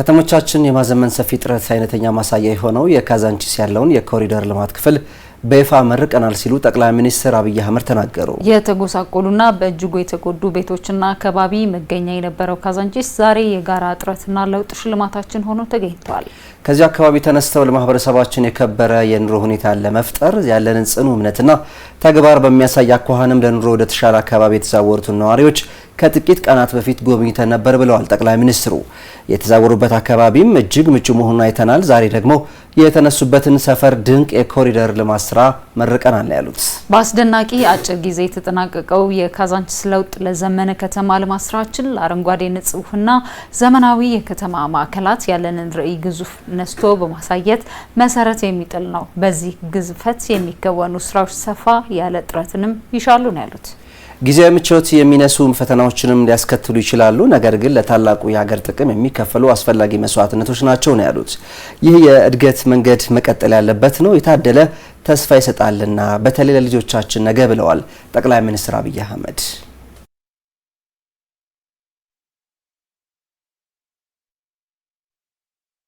ከተሞቻችን የማዘመን ሰፊ ጥረት አይነተኛ ማሳያ የሆነው የካዛንቺስ ያለውን የኮሪደር ልማት ክፍል በይፋ መርቀናል ሲሉ ጠቅላይ ሚኒስትር አብይ አህመድ ተናገሩ። የተጎሳቆሉና በእጅጉ የተጎዱ ቤቶችና አካባቢ መገኛ የነበረው ካዛንቺስ ዛሬ የጋራ ጥረትና ለውጥ ሽልማታችን ሆኖ ተገኝቷል። ከዚህ አካባቢ ተነስተው ለማህበረሰባችን የከበረ የኑሮ ሁኔታ ለመፍጠር ያለንን ጽኑ እምነትና ተግባር በሚያሳይ አኳኋንም ለኑሮ ወደ ተሻለ አካባቢ የተዛወሩትን ነዋሪዎች ከጥቂት ቀናት በፊት ጎብኝተን ነበር ብለዋል ጠቅላይ ሚኒስትሩ። የተዛወሩበት አካባቢም እጅግ ምቹ መሆኑን አይተናል። ዛሬ ደግሞ የተነሱበትን ሰፈር ድንቅ የኮሪደር ልማት ስራ መርቀናል ያሉት በአስደናቂ አጭር ጊዜ የተጠናቀቀው የካዛንችስ ለውጥ ለዘመነ ከተማ ልማት ስራችን ለአረንጓዴ ንጹህና ዘመናዊ የከተማ ማዕከላት ያለንን ርዕይ ግዙፍ ነስቶ በማሳየት መሰረት የሚጥል ነው። በዚህ ግዝፈት የሚከወኑ ስራዎች ሰፋ ያለ ጥረትንም ይሻሉ ነው ያሉት። ጊዜያዊ ምቾት የሚነሱ ፈተናዎችንም ሊያስከትሉ ይችላሉ፣ ነገር ግን ለታላቁ የሀገር ጥቅም የሚከፈሉ አስፈላጊ መስዋዕትነቶች ናቸው ነው ያሉት። ይህ የእድገት መንገድ መቀጠል ያለበት ነው፣ የታደለ ተስፋ ይሰጣልና በተለይ ለልጆቻችን ነገ ብለዋል ጠቅላይ ሚኒስትር አብይ አህመድ።